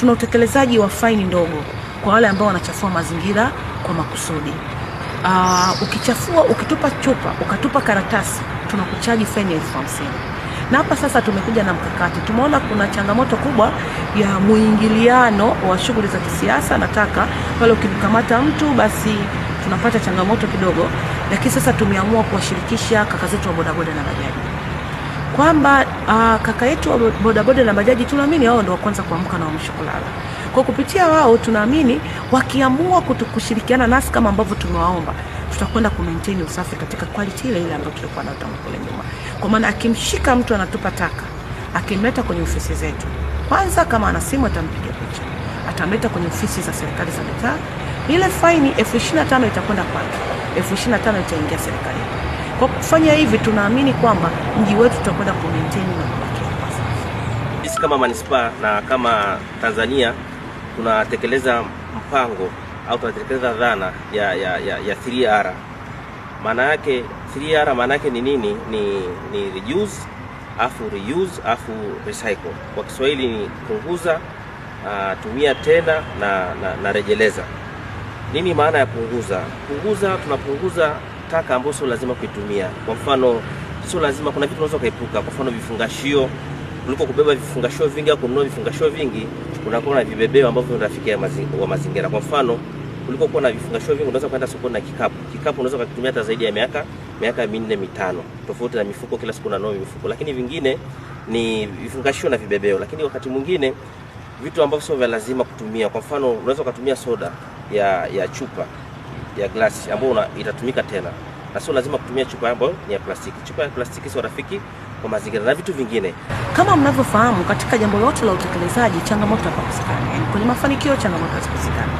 tuna utekelezaji wa faini ndogo kwa wale ambao wanachafua mazingira kwa makusudi. Aa, ah, ukichafua ukitupa chupa ukatupa karatasi tunakuchaji faini elfu hamsini na hapa sasa tumekuja na mkakati. Tumeona kuna changamoto kubwa ya mwingiliano wa shughuli za kisiasa na taka, pale ukimkamata mtu basi tunapata changamoto kidogo, lakini sasa tumeamua kuwashirikisha kaka zetu wa bodaboda na bajaji kwamba uh, kaka yetu wa bodaboda na bajaji tunaamini wao ndio wa kwanza kuamka na wa kulala. Kwa kupitia wao tunaamini wakiamua kushirikiana nasi kama ambavyo tumewaomba, tutakwenda ku usafi katika quality ile ile ambayo tulikuwa nayo tangu kule nyuma. Kwa maana akimshika mtu anatupa taka, akimleta kwenye ofisi zetu, kwanza kama ana simu atampiga picha, atamleta kwenye ofisi za serikali za mitaa, ile faini elfu ishirini na tano itakwenda kwake, elfu ishirini na tano itaingia serikali kwa kufanya hivi, tunaamini kwamba mji wetu tutakwenda ku maintain Sisi kama manispaa na kama Tanzania tunatekeleza mpango au tunatekeleza dhana ya, ya, ya, ya 3R. Maana yake 3R maana yake ni nini? Ni, ni reduce afu reuse afu recycle. Kwa Kiswahili ni punguza, uh, tumia tena na, na, na rejeleza. Nini maana ya punguza? Punguza, tunapunguza taka ambayo sio lazima kuitumia. Kwa mfano, sio lazima, kuna vitu unaweza kuepuka. Kwa mfano, vifungashio, kuliko kubeba vifungashio vingi au kununua vifungashio vingi, unakuwa na vibebeo ambavyo vinafikia wa mazingira. Kwa mfano, kuliko kuwa na vifungashio vingi, unaweza kwenda sokoni na kikapu. Kikapu unaweza kutumia hata zaidi ya miaka miaka minne mitano, tofauti na mifuko, kila siku unanua mifuko. Lakini vingine ni vifungashio na vibebeo, lakini wakati mwingine vitu ambavyo sio vya lazima kutumia. Kwa mfano, unaweza kutumia soda ya ya chupa ya glasi ambayo itatumika tena, na sio lazima kutumia chupa ambayo ni ya plastiki. Chupa ya plastiki sio rafiki kwa mazingira na vitu vingine. Kama mnavyofahamu, katika jambo lote la utekelezaji changamoto hapakosekani, yaani kwenye mafanikio changamoto hazikosekani.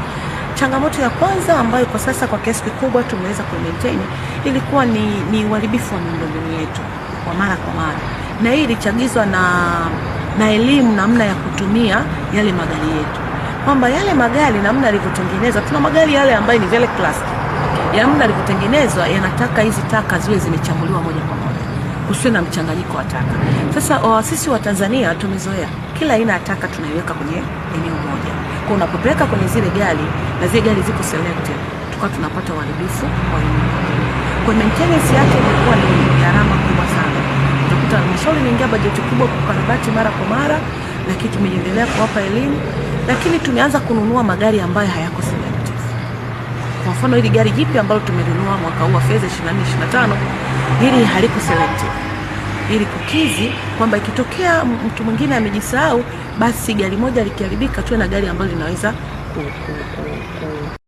Changamoto ya kwanza ambayo kwa sasa kwa kiasi kikubwa tumeweza maintain ilikuwa ni, ni uharibifu wa miundombinu yetu kwa mara kwa mara, na hii ilichagizwa na na elimu namna ya kutumia yale magari yetu kwamba yale magari namna yalivyotengenezwa, tuna magari yale ambayo ni vile classic ya namna yalivyotengenezwa yanataka hizi taka ziwe zimechambuliwa moja kwa moja, kusiwe na mchanganyiko wa taka. Sasa oh, sisi wa Tanzania tumezoea kila aina ya taka tunaiweka kwenye eneo moja, kwa unapopeleka kwenye zile gari na zile gari ziko selected, tukawa tunapata uharibifu wa kwa maintenance yake imekuwa ni gharama kubwa sana. Utakuta halmashauri inaingia bajeti kubwa kukarabati mara kwa mara lakini tumejiendelea kuwapa elimu, lakini tumeanza kununua magari ambayo hayako selective. Kwa mfano hili gari jipya ambalo tumelinunua mwaka huu wa fedha 2025 hili haliko selective ili kukizi kwamba ikitokea mtu mwingine amejisahau, basi gari moja likiharibika, tuwe na gari ambalo linaweza